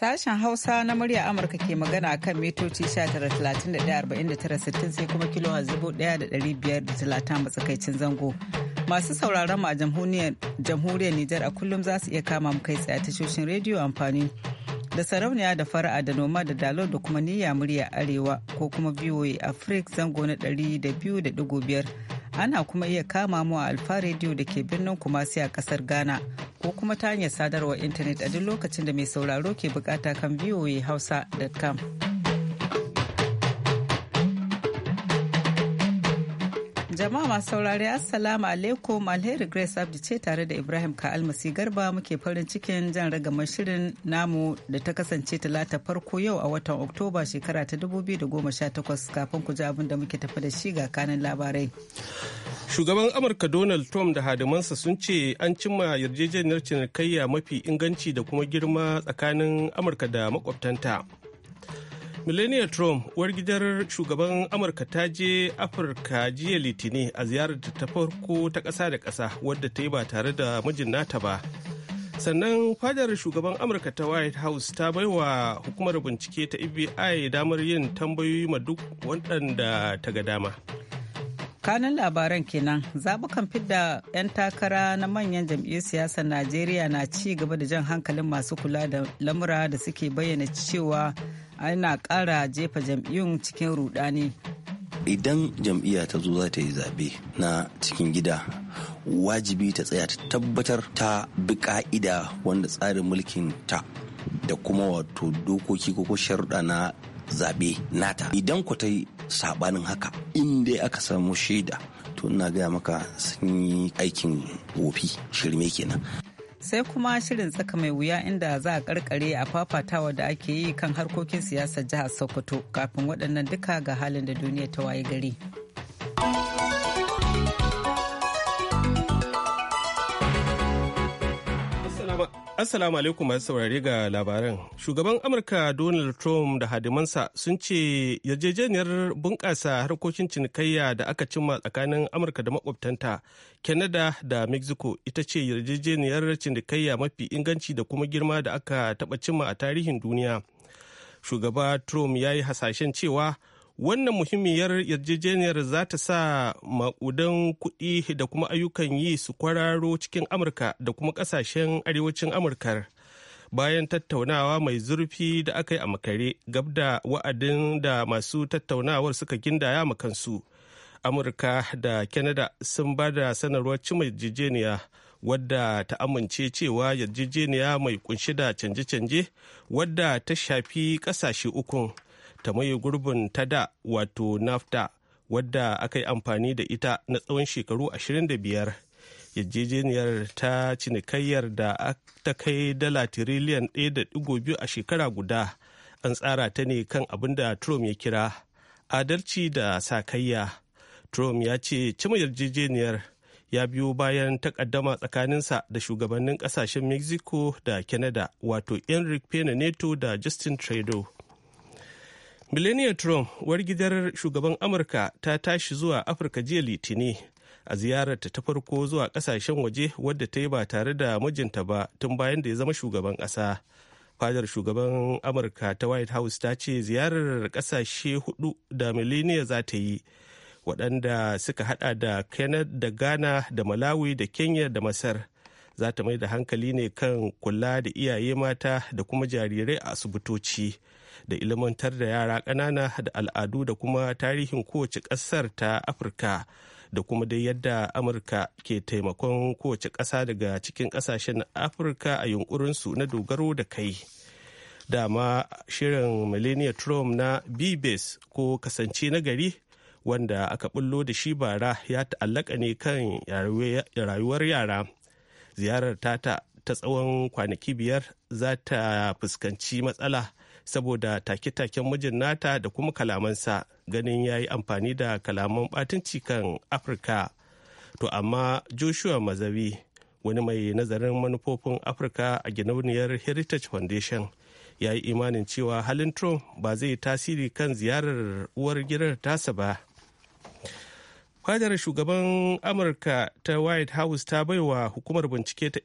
Sashen Hausa na murya Amurka ke magana a kan mitoci 19,31,49,60 sai kuma kilo 1,530 matsakaicin zango. Masu sauraron ma jamhuriyar Nijar a kullum za su iya kama mu kai tsaye tashoshin rediyo amfani da sarauniya da fara'a da noma da dalo da kuma niyya murya arewa ko kuma VOA Africa zango na 200.5 ana kuma iya kama mu a alfa radio da ke birnin kumasi a kasar ghana ko kuma ta hanyar sadarwar intanet a duk lokacin da mai sauraro ke bukata kan voa hausa.com Jama'a masu saurari Assalamu alaikum Alheri Grace Abdi ce tare da Ibrahim Ka'almasi Garba muke farin cikin jan ragamar shirin namu da ta kasance talata farko yau a watan Oktoba shekara ta 2018 kafin ku ji da muke tafi da shi ga kanin labarai. Shugaban Amurka Donald Trump da hadimansa sun ce an cimma yarjejeniyar cinikayya mafi inganci da kuma girma tsakanin Amurka da makwabtanta. Millennial Trump, uwar gidar shugaban Amurka ta je Afirka jiya Litini a ziyarar ta farko ta ƙasa da ƙasa wadda ta yi ba tare da mijin nata ba. Sannan fadar shugaban Amurka ta White House ta baiwa hukumar bincike ta FBI damar yin tambayoyi ma duk waɗanda ta ga dama. kanan labaran kenan zaɓukan fidda 'yan takara na manyan jam'iyyar siyasar najeriya na ci gaba da jan hankalin masu kula da lamura da suke bayyana cewa ana ƙara jefa jam'iyyun cikin rudani idan jam'iyya ta zo za ta yi zaɓe na cikin gida wajibi ta tsaya ta tabbatar ta bi ƙa'ida wanda tsarin mulkin ta da kuma wato dokoki ko sharuɗa na zaɓe nata idan ku ta sabanin haka in dai aka samu shaida to ina gaya maka sun yi aikin wofi shirme kenan sai kuma shirin tsaka mai wuya inda za a karkare a fafatawa da ake yi kan harkokin siyasar jihar sokoto kafin waɗannan duka ga halin da duniya ta waye gari. Assalamu alaikum masu saurare ga labaran. Shugaban Amurka Donald Trump da hadimansa sun ce yarjejeniyar bunƙasa harkokin cinikayya da aka cimma tsakanin Amurka da makwabtanta Canada da Mexico ita ce yarjejeniyar cinikayya mafi inganci da kuma girma da aka taɓa cimma a tarihin duniya. Shugaba Trump ya yi hasashen cewa wannan muhimmiyar yarjejeniyar za ta sa makudan kuɗi da kuma ayyukan yi su kwararo cikin amurka da kuma ƙasashen arewacin amurka bayan tattaunawa mai zurfi da aka yi a makare gab da wa'adin da masu tattaunawar suka gindaya kansu amurka da canada sun ba da sanarwar cimma yarjejeniya wadda ta amince cewa yarjejeniya mai kunshi da canje-canje wadda ta shafi ƙasashe ukun ta mai gurbin ta da wato nafta wadda aka yi amfani da ita na tsawon shekaru 25 yarjejeniyar ta cinikayyar da ta kai dala tiriliyan 1.2 a shekara guda an tsara ta ne kan abin da trump ya kira adalci da sakayya trump ya ce cima yarjejeniyar ya biyo bayan takaddama tsakaninsa da shugabannin kasashen mexico da canada wato enrique pena neto da justin trudeau Melania Trump, gidar shugaban Amurka ta tashi zuwa Afirka jiya Litini a ziyarar ta farko zuwa kasashen waje wadda ta yi ba tare da mijinta ba tun bayan da ya zama shugaban ƙasa. Fadar shugaban Amurka ta White House ta ce ziyarar kasashe hudu da Melania za ta yi waɗanda suka hada da canada da Ghana da Malawi da Kenya da Masar. Za ta mai da hankali ne kan kula da iyaye mata da kuma jarirai a asibitoci. da ilmantar da yara ƙanana da al'adu da kuma tarihin kowace ƙasar ta afirka da kuma dai yadda amurka ke taimakon kowace ƙasa daga cikin ƙasashen afirka a yunkurinsu na dogaro da kai dama shirin millennia trump na bibes ko kasance na gari wanda aka bullo da shi bara ya ta'allaka ne kan rayuwar yara ziyarar tata ta tsawon kwanaki biyar za ta fuskanci matsala saboda take-taken mijin nata da kuma kalamansa ganin ya yi amfani da kalaman batunci kan afirka to amma joshua mazabi wani mai nazarin manufofin afirka a ginauniyar heritage foundation ya yi imanin cewa halin trump ba zai tasiri kan ziyarar uwar gidan tasa ba fadar shugaban amurka ta white house ta baiwa hukumar bincike ta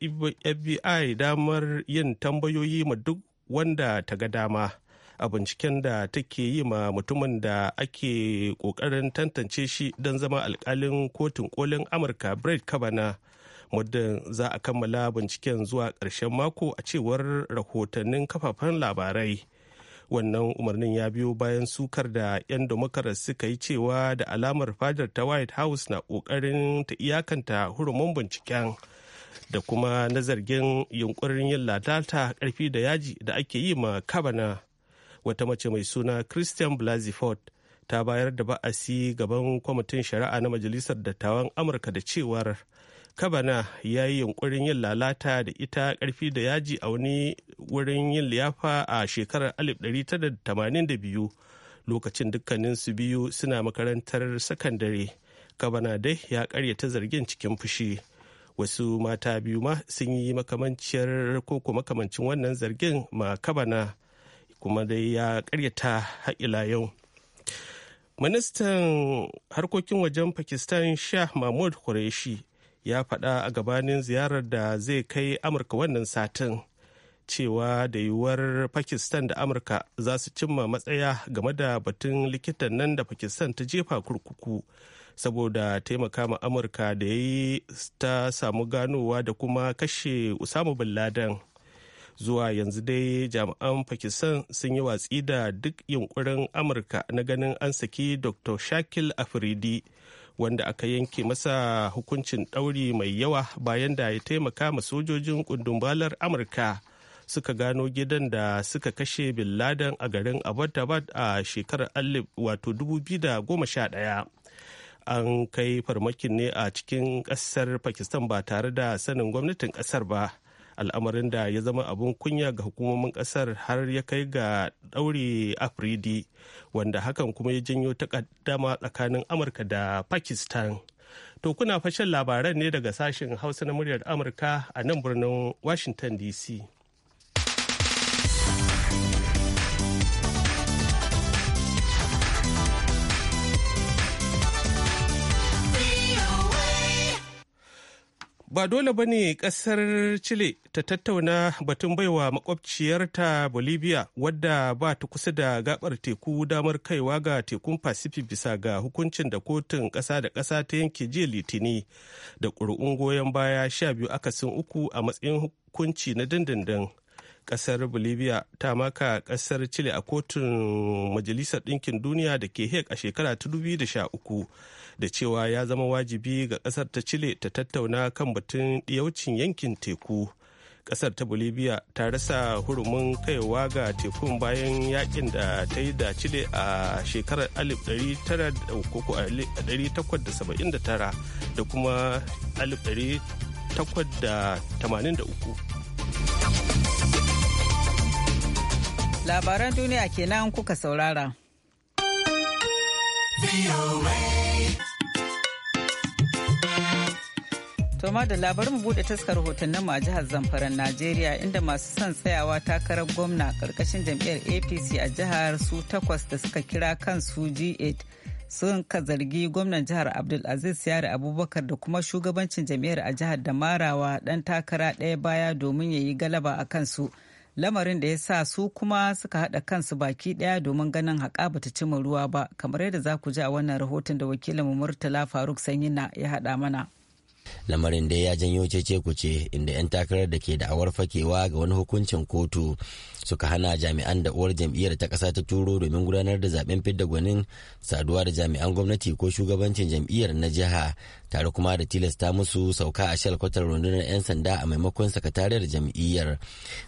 fbi damar yin tambayoyi ma duk wanda ta ga dama a binciken da take yi ma mutumin da ake kokarin tantance shi don zama alkalin kotun kolin amurka brett kavanaugh muddin za a kammala binciken zuwa ƙarshen mako a cewar rahotannin kafafen labarai wannan umarnin ya biyo bayan sukar da 'yan demokarat suka yi cewa da alamar fadar ta white house na ƙoƙarin ta iyakanta hurumin binciken. da kuma na zargin yunkurin yin lalata karfi da yaji da ake yi ma kabana wata mace mai suna christian blasey ford ta bayar da ba'asi gaban kwamitin shari'a na majalisar dattawan amurka da cewar kabana ya yi yunkurin yin lalata da ita karfi da yaji a wani wurin yin liyafa a shekarar 1982 lokacin dukkanin su biyu suna makarantar sakandare kabana dai ya karyata zargin cikin fushi wasu mata biyu ma sun yi makamanciyar ko kuma makamancin wannan zargin ma kabana kuma dai ya karyata haƙila yau ministan harkokin wajen pakistan shah mahmud qureshi ya faɗa a gabanin ziyarar da zai kai amurka wannan satin cewa da yiwuwar pakistan da amurka za su cimma matsaya game da batun likitan nan da pakistan ta jefa kurkuku saboda taimaka ma amurka da ya yi ta samu ganowa da kuma kashe usama bin laden zuwa yanzu dai jami'an pakistan sun yi watsi da duk yunkurin amurka na ganin an saki dr shakil afridi wanda aka yanke masa hukuncin ɗauri mai yawa bayan da ya taimaka ma sojojin kundumbalar amurka suka gano gidan da suka kashe bin laden a garin abbottabad a shekarar alif wato 2011 an kai farmakin ne a cikin ƙasar pakistan ba tare da sanin gwamnatin ƙasar ba al'amarin da ya zama abin kunya ga hukumomin ƙasar har ya kai ga ɗaure afridi wanda hakan kuma ya janyo takaddama tsakanin amurka da pakistan to kuna fashin labaran ne daga sashen hausa na muryar amurka a nan birnin washington dc ba dole ba ne ƙasar chile ta tattauna batun baiwa makwabciyarta bolivia wadda ba ta kusa da gabar teku damar kaiwa ga tekun pacific bisa ga hukuncin da kotun kasa da kasa ta yanke jiya litini da ƙuri'un goyon baya sha biyu akasin uku a matsayin hukunci na dindindin kasar bolivia ta maka ƙasar chile a kotun majalisar ɗinkin duniya da ke hek a shekara ta 2013 da cewa ya zama wajibi ga ƙasar ta Chile ta tattauna kan batun yaucin yankin teku. Ƙasar ta Bolivia ta rasa hurumin kaiwa ga tekun bayan yakin da ta yi da Chile a shekarar 1879 da kuma 1883. labaran duniya kenan kuka saurara. To ma da labarin mu bude taskar rahotannin mu a jihar Zamfara Najeriya inda masu son tsayawa takarar gwamna karkashin jam'iyyar APC a jihar su takwas da suka kira kansu G8 sun ka zargi gwamnan jihar Abdulaziz Yari Abubakar da kuma shugabancin jam'iyyar a jihar da marawa dan takara ɗaya baya domin ya yi galaba a kansu. Lamarin da ya sa su kuma suka haɗa kansu baki ɗaya domin ganin haƙa bata cima ruwa ba kamar yadda za ku ji a wannan rahoton da wakilin Murtala Faruk Sanyina ya haɗa mana. lamarin da ya janyo cece kuce inda 'yan takarar da ke da'awar fakewa ga wani hukuncin kotu suka hana jami'an da uwar jam'iyyar ta ƙasa ta turo domin gudanar da zaben fidda gwanin saduwa da jami'an gwamnati ko shugabancin jam'iyyar na jiha tare kuma da tilasta musu sauka a shalkwatar rundunar 'yan sanda a maimakon sakatariyar jam'iyyar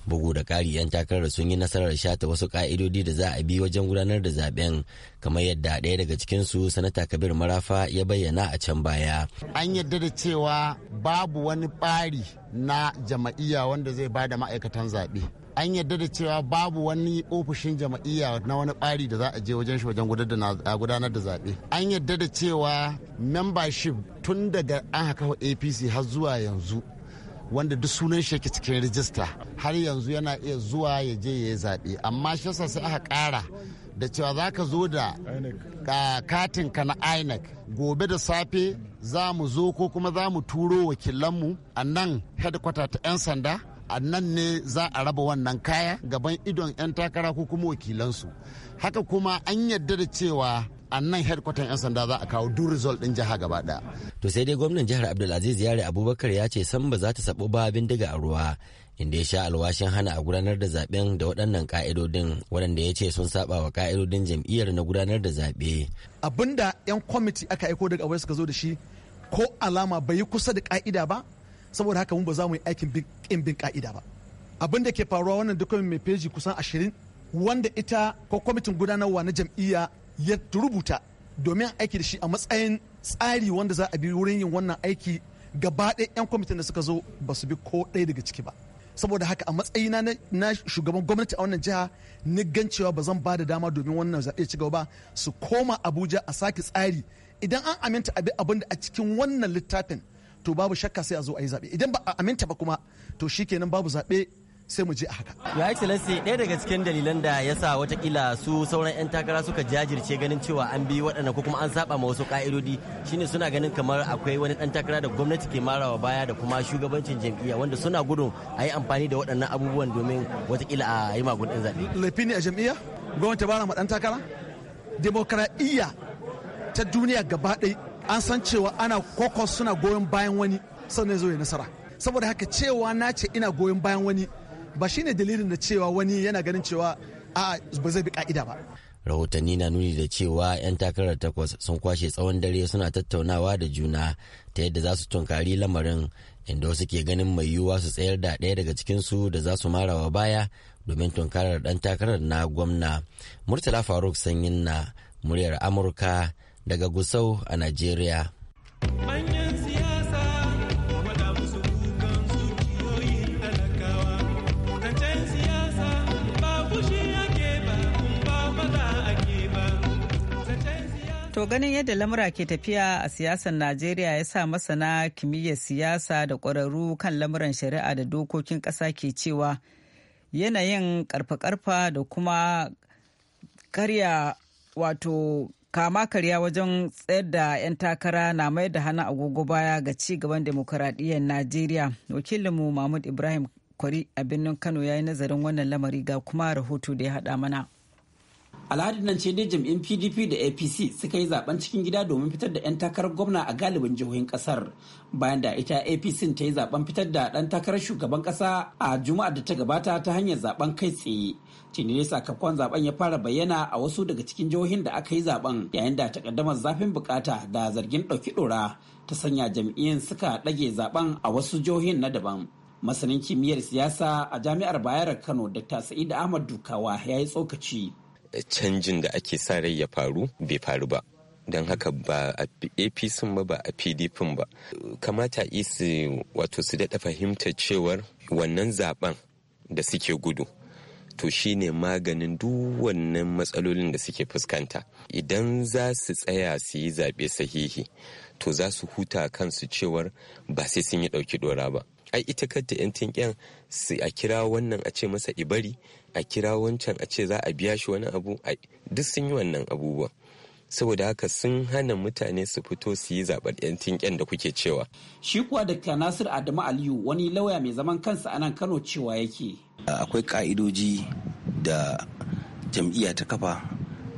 bugu da ƙari 'yan takarar sun yi nasarar shata wasu ƙa'idodi da za a bi wajen gudanar da zaben kamar yadda ɗaya daga cikinsu sanata kabir marafa ya bayyana a can baya an yadda da cewa babu wani ɓari na jama'iyya wanda zai ba da ma'aikatan zaɓe an yadda da cewa babu wani ofishin jama'iyya na wani bari da za a je wajen shi wajen gudanar da zaɓe an yadda da cewa membership tun daga an haka apc har zuwa yanzu wanda duk sunan shi yake cikin rijista har yanzu yana iya zuwa ya je ya yi zaɓe amma shi sai aka ƙara da cewa za ka zo da katinka na inec gobe da safe za mu zo ko kuma za mu turo wakilanmu a nan headquarter ta 'yan sanda a nan ne za a raba wannan kaya gaban idon 'yan takara ko kuma wakilansu haka kuma an yadda da cewa a nan headquarter 'yan sanda za a kawo duk result din jiha gaba To sai dai gwamnan jihar Abdulaziz Yare Abubakar ya ce san ba za ta sabo ba bindiga a ruwa inda ya sha alwashin hana a gudanar da zaben da waɗannan ka'idodin waɗanda ya ce sun saba wa ka'idodin jam'iyyar na gudanar da zaɓe. Abinda 'yan kwamiti aka aiko daga wai suka zo da shi ko alama bai yi kusa da ka'ida ba saboda haka mun ba za mu yi aikin bin bin ka'ida ba abin da ke faruwa wannan dokumen mai feji kusan ashirin wanda ita ko kwamitin gudanarwa na jam'iyya ya rubuta domin aiki da shi a matsayin tsari wanda za a bi wurin yin wannan aiki gaba ɗaya 'yan kwamitin da suka zo ba su bi ko ɗaya daga ciki ba saboda haka a matsayina na shugaban gwamnati a wannan jiha ni gan cewa ba zan ba da dama domin wannan zaɓe ci gaba ba su koma abuja a sake tsari idan an aminta abin da a cikin wannan littafin to babu shakka sai a zo a yi zaɓe idan ba a aminta ba kuma to shikenan babu zaɓe sai mu je a haka. Your Excellency ɗaya daga cikin dalilan da ya sa watakila su sauran 'yan takara suka jajirce ganin cewa an bi waɗanda ko kuma an saba ma wasu ƙa'idodi shine suna ganin kamar akwai wani ɗan takara da gwamnati ke marawa baya da kuma shugabancin jam'iyya wanda suna gudun a yi amfani da waɗannan abubuwan domin watakila a yi magun ɗin zaɓe. Laifi ne a jam'iyya? Gwamnati ba ma ɗan takara? Demokaraɗiyya ta duniya gaba ɗaya an san cewa ana kwakwa suna goyon bayan wani sannan zo ya nasara saboda haka cewa na ce ina goyon bayan wani ba shine dalilin da cewa wani yana ganin cewa a ba zai bi ka'ida ba rahotanni na nuni da cewa 'yan takarar takwas sun kwashe tsawon dare suna tattaunawa da juna ta yadda za su tunkari lamarin inda wasu ke ganin mai yiwuwa su tsayar da ɗaya daga cikinsu da za su marawa baya domin tunkarar ɗan takarar na gwamna murtala faruk sanyin na muryar amurka daga Gusau a Najeriya. To ganin yadda lamura ke tafiya a siyasar Najeriya ya sa masana kimiyyar siyasa da ƙwararru kan lamuran shari'a da dokokin ƙasa ke cewa yanayin ƙarfa karfa da kuma karya wato kama karya wajen tsayar da 'yan takara na mai da hana agogo baya ga ci gaban demokuraɗiyyar najeriya wakilinmu mahmud ibrahim kwari a birnin kano ya yi nazarin wannan lamari ga kuma rahoto da ya haɗa mana alhadin nan ce dai jam'in pdp da apc suka yi zaben cikin gida domin fitar da 'yan takarar gwamna a galibin jihohin kasar bayan da ita apc ta yi zaben fitar da ɗan takarar shugaban ƙasa a juma'ar da ta gabata ta hanyar zaben kai tsaye tuni sakamakon zaben ya fara bayyana a wasu daga cikin jihohin da aka yi zaben yayin da takaddamar zafin bukata da zargin ɗauki ɗora ta sanya jam'iyyun suka ɗage zaben a wasu jihohin na daban masanin kimiyyar siyasa a jami'ar bayar kano dr sa'id ahmad dukawa ya yi tsokaci canjin da ake sa rai ya faru bai faru ba don haka ba a apc ba ba a pdp ba kamata isi wato su daɗa fahimtar cewar wannan zaben da suke gudu to shi ne maganin duk wannan matsalolin da suke fuskanta idan za su tsaya su yi zaɓe sahihi to za su huta kansu cewar ba sai sun yi ɗauki ɗora ba ai ita kadda 'yan tinken su a kira wannan a ce masa ibari a kira wancan a ce za a biya shi wani abu duk sun yi wannan abubuwa saboda haka sun hana mutane su fito su yi zaɓar 'yan da kuke cewa. Shi kuwa da Nasir Adamu Aliyu wani lauya mai zaman kansa a nan Kano cewa yake. Ah, akwai ka'idoji da jam'iyya ta kafa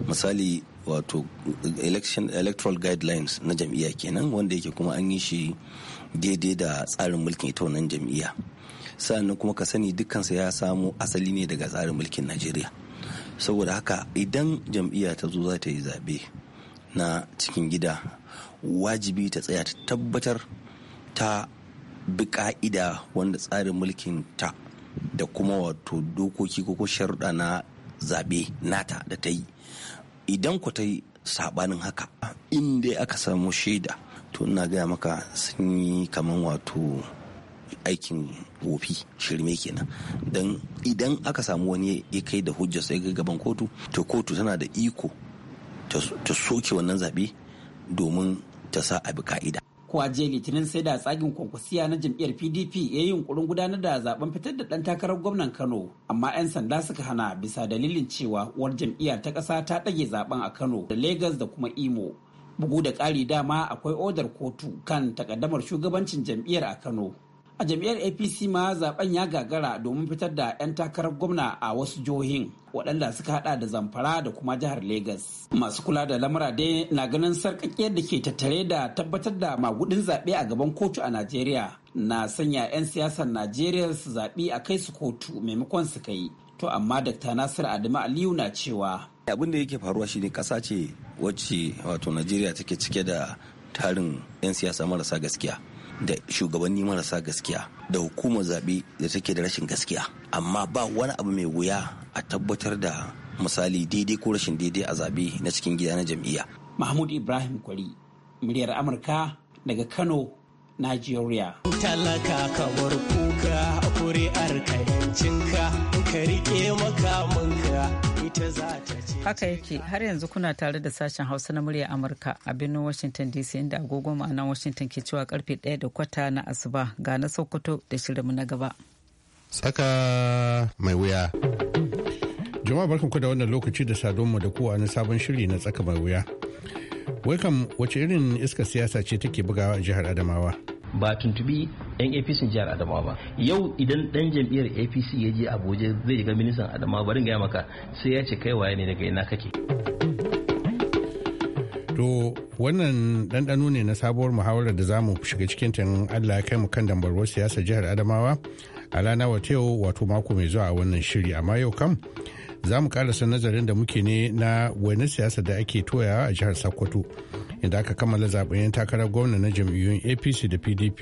misali wato election electoral guidelines na jam'iya kenan wanda yake kuma an yi shi daidai da tsarin mulkin ita wannan jam'iyya sannan kuma ka sani dukkansa ya samo asali ne daga tsarin mulkin najeriya saboda haka idan jam'iyya ta zo za ta yi zaɓe na cikin gida wajibi ta tsaya ta tabbatar ta bi ka'ida wanda tsarin mulkin ta da kuma wato dokoki ko sharuɗa na zaɓe nata da ta yi idan ku ta yi saɓanin haka in aka samu shaida to ina gaya maka sun yi kamar wato aikin wofi shirme kenan don idan aka samu wani ya kai da hujja sai ga gaban kotu to kotu tana da iko ta soke wannan zaɓe domin ta sa abi ka'ida Ko jiya Litinin sai da tsagin kwankwasiya na jam'iyyar PDP ya yi yunkurin gudanar da zaben fitar da ɗan takarar gwamnan Kano, amma 'yan sanda suka hana bisa dalilin cewa uwar jam'iyyar ta ƙasa ta ɗage zaben a Kano da Legas da kuma Imo. Bugu da ƙari dama akwai odar kotu kan takaddamar shugabancin jam'iyyar a Kano. a jam'iyyar apc ma zaben ya gagara domin fitar da 'yan takarar gwamna a wasu jihohin waɗanda suka hada da zamfara da kuma jihar Legas. masu kula da lamura dai na ganin sarƙaƙiyar da ke tattare da tabbatar da magudin zaɓe a gaban kotu a najeriya na sanya 'yan siyasar najeriya su zaɓi a kai su kotu maimakon su kai to amma dr nasir adamu aliyu na cewa abin da yake faruwa shine ƙasa ce wacce wato najeriya take cike da tarin 'yan siyasa marasa gaskiya da shugabanni marasa gaskiya da hukumar zaɓe da take da rashin gaskiya amma ba wani abu mai wuya a tabbatar da misali daidai ko rashin daidai a zaɓe na cikin gida na jam'iyya. mahmud ibrahim kwari muryar amurka daga kano nigeria talaka ka bar kuka kuri'ar kai cinka ka rike makamanka haka yake har yanzu kuna tare da sashen hausa na murya amurka a birnin washington dc inda agogo ma'ana washington ke cewa karfe 1 da kwata na asuba ga na sokoto da shirinmu na gaba tsaka mai wuya jama'a barkanku da wannan lokaci da sadonmu da kowa na sabon shiri na tsaka mai wuya welcome wace irin iska siyasa ce take bugawa a jihar adamawa ba tuntubi yan apc jihar adamawa ba yau idan dan jam'iyyar apc ya je abuja zai ga ministan adamawa bari gaya maka sai ya ce kai waye ne daga ina kake to wannan ɗanɗano ne na sabuwar muhawarar da zamu shiga cikin tun allah ya kai mu kan dambarwar siyasa jihar adamawa a rana wata yau wato mako mai zuwa a wannan shiri amma yau kam za mu karasa nazarin da muke ne na wani siyasa da ake toyawa a jihar sokoto inda aka kammala zaɓen zaben takarar gwamna na jam'iyyun apc da pdp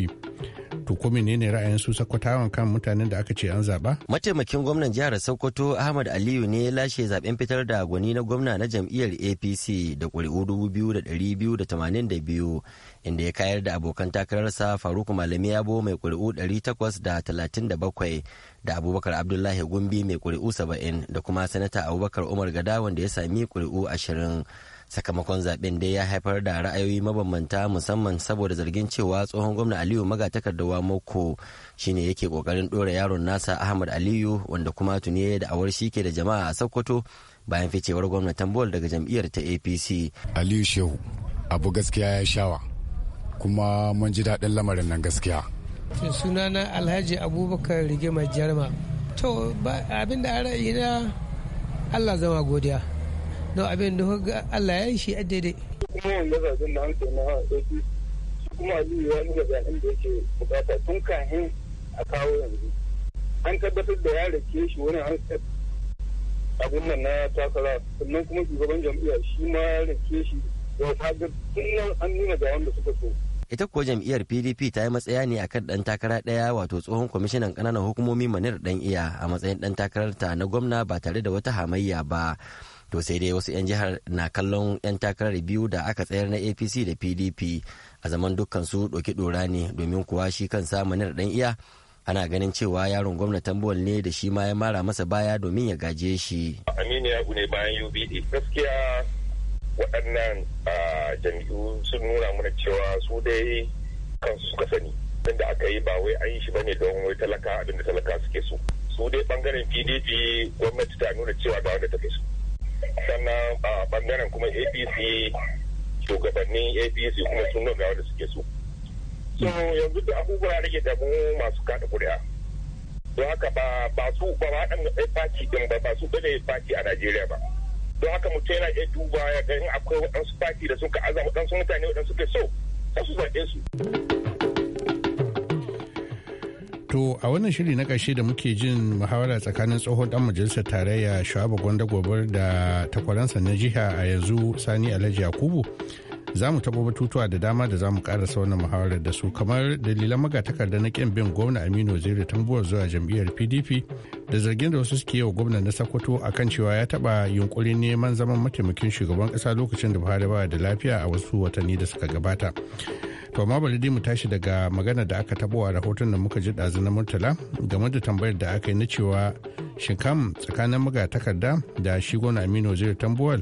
to ko menene ra'ayin su sakwatawan kan mutanen da aka ce an zaba mataimakin gwamnan jihar sokoto ahmad aliyu ne ya lashe zaben fitar da gwani na gwamna na jam'iyyar apc da ƙuri'u dubu biyu da ɗari biyu da tamanin da biyu inda ya kayar da abokan takararsa faruk malami yabo mai ƙuri'u ɗari takwas da talatin da bakwai da abubakar abdullahi gumbi mai ƙuri'u saba'in da kuma sanata abubakar umar gada wanda ya sami ƙuri'u ashirin sakamakon zaben dai ya haifar da ra'ayoyi mabambanta musamman saboda zargin cewa tsohon gwamna aliyu magatakardawa moko shine yake kokarin dora yaron nasa ahmad aliyu wanda kuma tuni da awar shi ke da jama'a a sokoto bayan ficewar gwamna tambol daga jam'iyyar ta apc aliyu shehu abu gaskiya ya shawa kuma mun ji daɗin lamarin nan gaskiya suna sunana alhaji abubakar rigimar jarma to abinda a ra'ayina allah zama godiya don abin da Allah ya yi shi a daidai. Kuma yanzu zaɓen da hankali na hawa su kuma Aliyu ya buga zaɓen da yake bukata tun kahin a kawo yanzu. An tabbatar da ya rake shi wani an abin nan na takara sannan kuma shugaban jam'iyyar shi ma ya rake shi da fagar tun nan an nuna ga wanda suka so. Ita kuwa jam'iyyar PDP ta yi matsaya ne akan ɗan takara ɗaya wato tsohon kwamishinan ƙananan hukumomi Manir ɗan iya a matsayin ɗan takararta na gwamna ba tare da wata hamayya ba. to sai dai wasu 'yan jihar na kallon 'yan takarar biyu da aka tsayar na apc da pdp a zaman dukkan su doki ɗora ne domin kuwa shi kan samunar ɗan iya ana ganin cewa yaron gwamnatin buwal ne da shi ma ya mara masa baya domin ya gaje shi aminu ya ne bayan ubd gaskiya waɗannan jam'iyyu sun nuna mana cewa su dai kansu suka sani da aka yi ba wai an yi shi bane don wai talaka abinda talaka suke so su dai bangaren pdp gwamnati ta nuna cewa ga wanda take so sannan a bangaren kuma apc shugabannin apc kuma sun nuna wanda suke so so yanzu da abubuwa rage da mu masu kada kuri'a don haka ba ba su ba ba dan party din ba ba su bane party a Najeriya ba don haka mutum yana iya duba ya ga in akwai waɗansu party da suka azama waɗansu mutane waɗansu suke so sai su zabe su. To a wannan shiri na ƙarshe da muke jin muhawara tsakanin tsohon dan majalisar tarayya Shu'abu Gwanda Gobar da takwaransa na jiha a yanzu Sani Alhaji Yakubu za mu taɓa batutuwa da dama da za mu ƙarasa wannan muhawarar da su kamar dalilan magatakarda na kyan bin gwamna Aminu Zairu Tambuwar zuwa jam'iyyar PDP da zargin da wasu suke yi wa gwamna na a kan cewa ya taɓa yunkurin neman zaman mataimakin shugaban ƙasa lokacin da Buhari ba da lafiya a wasu watanni da suka gabata. to ma bari dai mu tashi daga magana da aka tabo a rahoton da muka ji ɗazu na murtala game da tambayar da aka yi na cewa shin kam tsakanin muga takarda da shi gona aminu zai tambuwal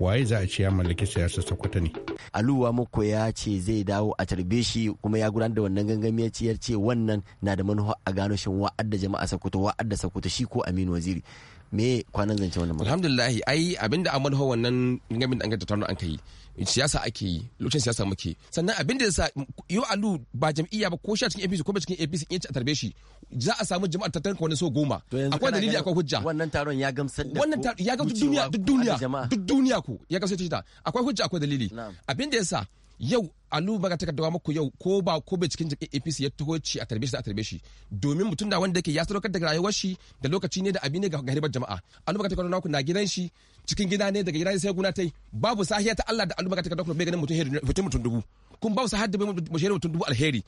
waye za a ce ya mallaki siyasar sokoto ne. aluwa muku ya ce zai dawo a tarbe shi kuma ya gudanar da wannan gangamiyar ya ce wannan na da manufa a gano shin wa'adda jama'a sakwato da sokoto shi ko aminu waziri me kwanan zance wannan mutum alhamdulillah ai abinda an manho wannan gamin da an gata taron an kai siyasa ake yi lokacin siyasa muke sannan abinda da sa yo alu ba jam'iyya ba ko shi a cikin APC ko ba cikin APC in ci a tarbe shi za a samu jama'a tattalin wani so goma akwai dalili akwai hujja wannan taron ya gamsar da wannan taron ya gamsar duniya duk duniya duk duniya ko ya gamsar ta akwai hujja akwai dalili abinda da yasa sa yau alu baga ta kaddawa muku yau ko ba ko bai cikin jikin APC ya taho ci a tarbe shi a tarbe shi domin mutum da wanda yake ya sadaukar da rayuwar shi da lokaci ne da abi ne ga garibar jama'a alu baga ta kaddawa muku na gidan shi cikin gida ne daga gidan sai guna tai babu sahiya ta Allah da alu baga ta kaddawa bai ganin mutum heri mutum mutum dubu kun babu sahiya da bai mutum dubu alheri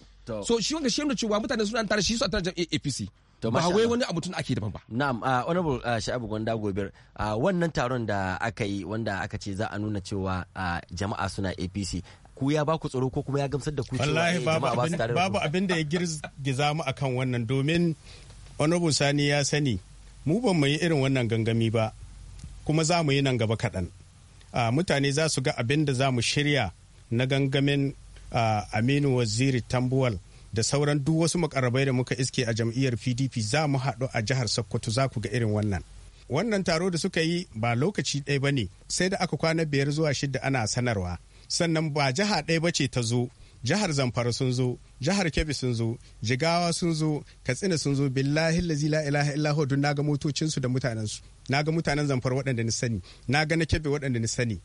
so shi wanda shi da cewa mutane suna tare shi su a tare jami'a APC ba wai wani abu tun ake daban ba na'am uh, honorable uh, sha'abu gwanda gobir uh, wannan taron da aka yi wanda aka ce za a nuna cewa uh, jama'a suna apc ku ya ba tsaro ko kuma ya gamsar da ku wallahi eh, babu abin da ya girgiza mu akan wannan domin honorable sani ya sani mu ban mu yi irin wannan gangami ba kuma za mu yi nan gaba kaɗan mutane za su ga abin da za mu shirya na gangamin aminu waziri tambuwal da sauran duk wasu makarabai da muka iske a jam'iyyar pdp za mu haɗu a jihar sokoto za ku ga irin wannan wannan taro da suka yi ba lokaci ɗaya ba ne sai da aka kwana biyar zuwa shida ana sanarwa sannan ba jiha ɗaya ba ce ta zo jihar zamfara sun zo jihar kebbi sun zo jigawa sun zo katsina sun zo billahi lazi la ilaha illahu dun naga motocinsu da mutanensu naga mutanen zamfara waɗanda ni sani naga na kebbi waɗanda ni sani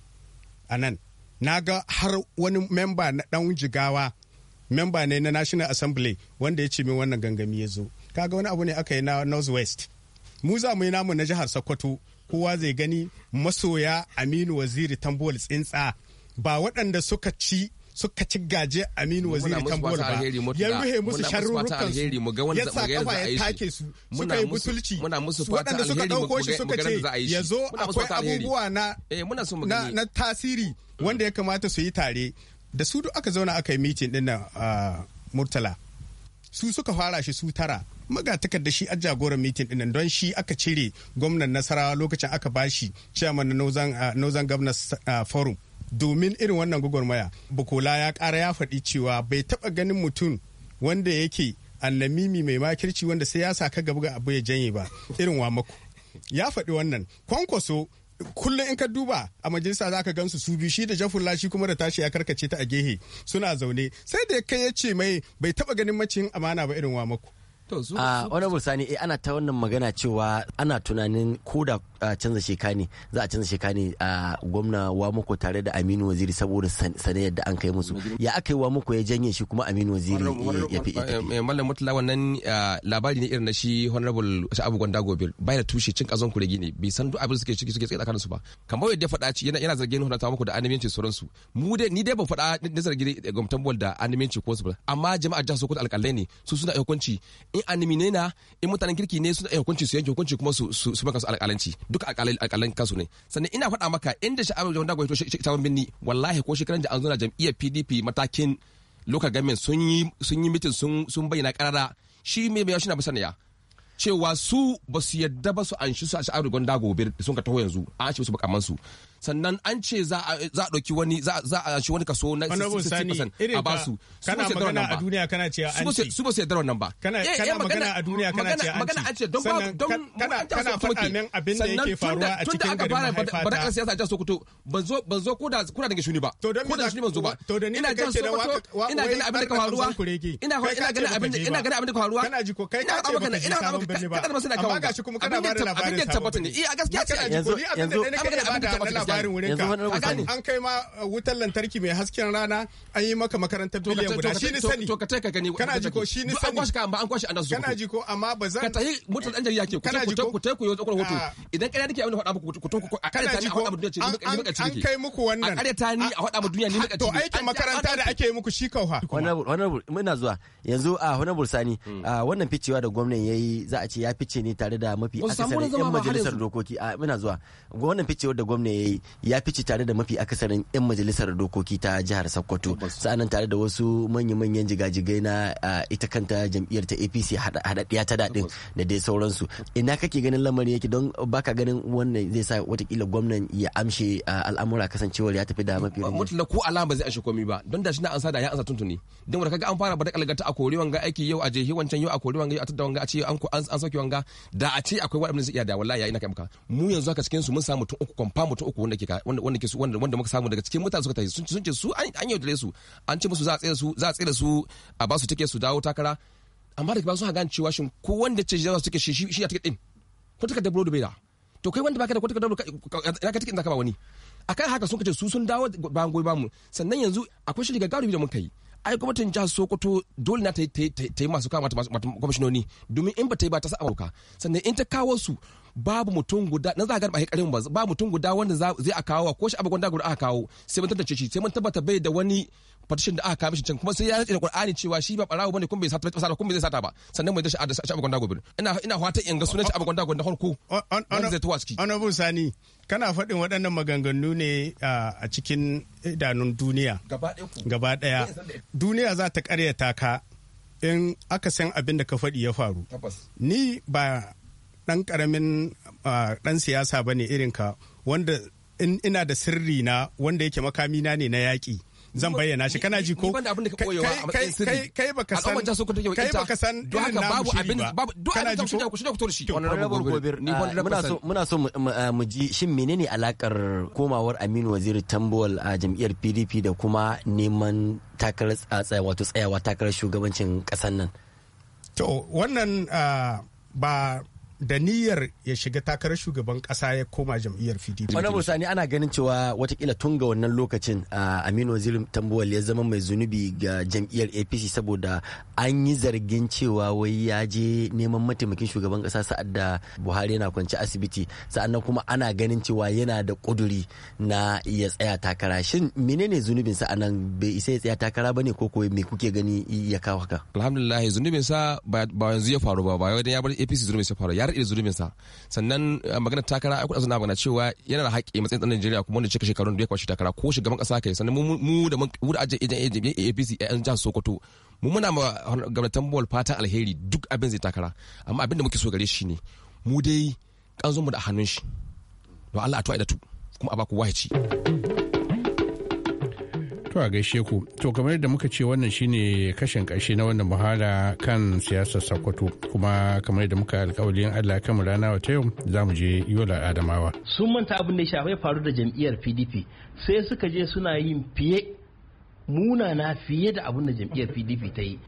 a nan naga har wani memba na ɗan jigawa memba ne na national assembly wanda ya ce min wannan gangami ya zo kaga wani abu ne aka yi na west mu za mu yi namu na jihar sokoto kowa zai gani masoya aminu waziri tambol tsintsa ba waɗanda suka ci suka ci gaje Aminu Waziri Tambola ba ya ruhe musu sharrurukan su ya sa kafa ya take su suka yi butulci waɗanda suka ɗauko shi suka ce ya zo akwai abubuwa eh, na tasiri wanda ya kamata su yi tare da su duk aka zauna aka yi mitin ɗin nan Murtala su suka fara shi su tara maga takarda shi a jagoran mitin dinnan don shi aka cire gwamnan nasarawa lokacin aka bashi chairman na northern governors forum domin irin wannan gwagwarmaya bukola ya kara ya faɗi cewa bai taɓa ganin mutum wanda yake annamimi mai makirci wanda sai ya ka gaba ga abu ya janye ba irin wa mako. ya faɗi wannan kwankwaso kullum in ka duba a majalisa za ka gansu su biyu shi da jafulla shi kuma da tashi ya karkace ta a gehe suna zaune sai da kai ya ce mai bai taɓa ganin macin amana ba irin wamako a wani sani eh, ana ta wannan magana cewa ana tunanin koda a canza sheka ne za a canza sheka ne a gwamna wamako tare da aminu waziri saboda sane yadda an kai musu ya aka yi wamako ya janye shi kuma aminu waziri ya fi ita mallam eh, mutala wannan labari ne irin na shi honorable sha'abu gwanda gobe bai da tushe cin kazon kuregi ne bai san duk abin suke ciki suke tsaye tsakaninsu ba kamar yadda faɗa ci yana zargin honorable mako da annabiyanci su mu dai ni dai ban faɗa ne zargi gwamnatin bol da annabiyanci ko su ba amma jama'a jihar sokoto alƙalai ne su suna hukunci in annimi ne na in mutanen kirki ne suna hukunci su yanke hukunci kuma su su maka su alƙalanci duka alƙalan kansu ne sannan ina faɗa maka inda sha'awar jama'a dagwai to sha'awar binni wallahi ko shekaran da an zuna jam'iyyar pdp matakin local government sun yi sun yi mitin sun sun bayyana karara shi mai bayan shi na bisa ya cewa su ba su yadda ba su an shi su a sha'awar gwanda gobe sun ka taho yanzu an ce su bakaman su sannan an ce za a ɗauki wani za a shi wani kaso na 60% a kana magana a duniya kana ce an ce su ba ba kana magana magana an ce don don kana kana faɗa abin da a cikin garin mahaifata ba siyasa a Sokoto ban zo ban da ni ina ina ganin abin ka faruwa ina ina ina ganin abin ka faruwa kana ji ko kai ka ka ba kuma kana ba da labarin eh, a gaskiya ce gyarin wurin ka an kai ma uh, wutar lantarki mai hasken rana an yi maka makarantar biliyan guda shi ni sani to ka ka kana ji ko shi ni sani an kwashi ka amma an kwashi an su kana ji ko amma ba zan ka tahi mutum dan jariya ke ku ku ta ku yi tsakar hoto ah. idan kana dake abin da faɗa muku ku ku a kare tani a faɗa duniya ce ni muka ci an kai muku wannan a kare tani a faɗa duniya ni ah, muka ci to aikin makaranta da ake yi muku shi kauha honorable muna zuwa yanzu a ah, honorable sani hmm. wannan ficewa da gwamnati yayi za a ce ya fice ne tare da mafi akasarin yan majalisar dokoki a muna zuwa wannan ficewar da gwamnati yayi ya fice tare da mafi akasarin 'yan majalisar dokoki ta jihar Sokoto Sa'anan tare da wasu manya-manyan jigajigai na ita kanta jam'iyyar ta APC haɗaɗɗiya ta daɗin da dai sauransu ina kake ganin lamarin yake don baka ganin wannan zai sa watakila gwamnan ya amshe al'amura kasancewar ya tafi da mafi mutula ko alama ba zai amshe komai ba don da shi na ansa da ya ansa tuntuni don wanda kaga an fara bada kalgata a kori wanga aiki yau a jehi wancan yau a kori wanga yau a tadda wanga a ce an an sauke wanga da a ce akwai waɗanda zai iya da wallahi yayi na kai mu yanzu haka cikin su mun samu tun uku kwamfa mutum uku wanda ke wanda ke su wanda muka samu daga cikin mutane suka tafi sun ce su an yaudare su an ce musu za a tsira su za a tsira su a ba su take su dawo takara amma da ba su hagan cewa shin ko wanda ce za su take shi shi ya take din ko take da brodo bai da to kai wanda baka da ko take da ka take da ka ba wani akan haka sun kace su sun dawo bayan goyi bamu sannan yanzu akwai shi gagarumi da muka yi ai gwamnatin jihar sokoto dole na ta yi masu kama kwamishinoni domin in ba ta yi ba ta sa amurka sannan in ta kawo su babu mutum guda na zagar ba karin ba babu mutum guda wanda zai a kawo ko shi abu gwanda guda aka kawo sai mun tantance shi sai mun tabbata bai da wani partition da aka kawo mishi can kuma sai ya rike da Qur'ani cewa shi ba barawo bane kuma bai sata ba kuma bai sata ba sannan mai da shi a shi abu gwanda gobe ina ina fatan in ga sunan shi abu gwanda gobe farko wanda zai tuwa ciki honorable sani kana faɗin waɗannan maganganu ne a cikin idanun duniya gaba ɗaya duniya za ta ƙaryata ka in aka san abin da ka faɗi ya faru ni ba dan karamin ɗan siyasa ba ne irinka wanda ina da sirri na wanda yake makamina ne na yaƙi. zan bayyana shi kana ji ko kai kai baka san kai baka san don haka babu abin babu duk abin da shi gobir ni uh, muna so muna so uh, mu ji shin menene alakar komawar Aminu Waziri Tambuwal a jam'iyyar PDP da kuma neman takarar tsaya wato tsayawa takarar shugabancin kasar nan to wannan uh, ba da niyyar ya shiga takarar shugaban kasa ya koma jam'iyyar pdp wani musani ana ganin cewa watakila tun ga wannan lokacin aminu wazir tambuwal ya zama mai zunubi ga jam'iyyar apc saboda an yi zargin cewa wai ya je neman mataimakin shugaban kasa sa'ad da buhari yana kwance asibiti sa'annan kuma ana ganin cewa yana da kuduri na ya tsaya takara shin menene zunubin sa anan bai isa ya tsaya takara bane ko ko me kuke gani ya kawo haka alhamdulillah zunubin sa ba yanzu ya faru ba ba wai ya bar apc zunubin sa faru ya karɗe zunubinsa sannan eh, magana takara a kuɗa suna magana cewa yana da haƙƙi matsayin ɗan Najeriya kuma wanda cika shekarun da ya kwashi takara ko shugaban ƙasa kai sannan mu da mun da ajiyar ejen APC a yan jihar Sokoto mu muna ma gabatan Bol fatan alheri duk abin zai takara amma abin da muke so gare shi ne mu dai kanzon mu da hannun shi don Allah a tuwa da tu kuma a ba ku wahaci. To a gaishe ku. To kamar yadda muka ce wannan shine kashin ƙarshe na wannan muhala kan siyasar Sokoto kuma kamar yadda muka alkawalin Allah kan rana wata yau za mu je Yola Adamawa. Sun manta abin da ya faru da jam'iyyar PDP sai suka je suna yin fiye munana fiye da abin da jam'iyyar PDP ta yi.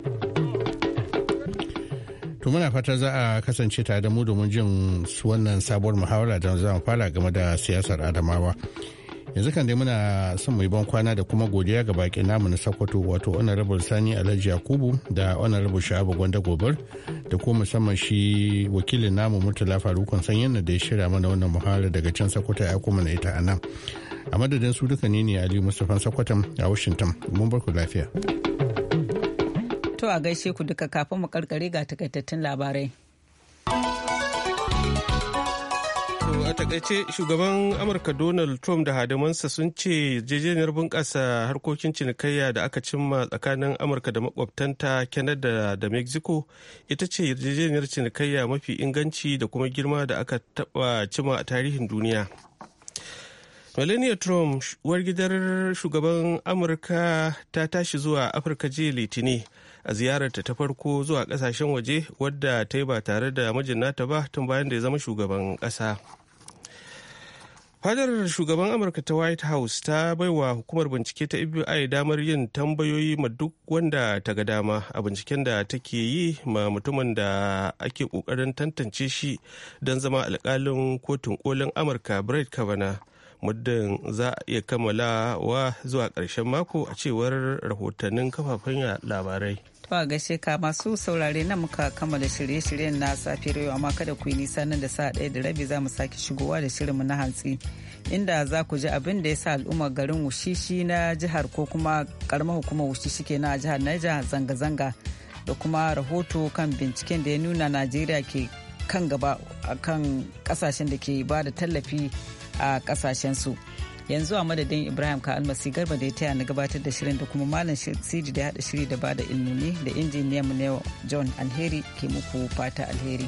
To muna fata za a kasance tare da mu domin jin wannan sabuwar muhawara da za mu fara game da siyasar Adamawa. yanzu kan dai muna son mai ban kwana da kuma godiya ga bakin namu na sokoto wato honorable sani alhaji yakubu da honorable sha'abu gwanda gobar da kuma musamman shi wakilin namu murtala farukun yana da ya shirya mana wannan muhara daga can sakwato ya kuma na ita a nan a madadin su duka ne ne aliyu mustapha sokoton a washington mun bar ku lafiya to a gaishe ku duka kafin mu karkare ga takaitattun labarai a takaice shugaban amurka donald trump da hadamansa sun ce jejeniyar bunƙasa harkokin cinikayya da aka cimma tsakanin amurka da makwabtanta canada da mexico ita ce yarjejeniyar cinikayya mafi inganci da kuma girma da aka taɓa cima a tarihin duniya melania trump wargidar shugaban amurka ta tashi zuwa afirka jiya litini a ziyararta ta farko zuwa kasashen waje wadda ta yi ba tare da mijin nata ba tun bayan da ya zama shugaban kasa. fadar shugaban amurka ta white house ta baiwa hukumar bincike ta fbi damar yin tambayoyi ma duk wanda ta ga dama a binciken da take yi ma mutumin da ake kokarin tantance shi don zama alkalin kotun kolin amurka brett kavanaugh muddin za a iya kammalawa zuwa karshen mako a cewar rahotannin kafafen labarai Ba ga sheka masu saurare na muka kammala shirye-shiryen na safiyar yau amma kada ku yi nisa nan da sa ɗaya da rabi za mu sake shigowa da shirinmu na hantsi. Inda za ku ji abin da ya sa al'ummar garin Wushishi na jihar ko kuma karamar hukumar Wushishi ke na jihar Niger zanga-zanga da kuma rahoto kan binciken da ya nuna Najeriya ke kan gaba a kan kasashen da ke ba da tallafi a kasashensu. su. yanzu a madadin ibrahim ka almasi garba da ya taya na gabatar da shirin da kuma malam sidi da ya hada shiri da bada ilimi da injiniyan mu na john alheri ke muku fata alheri.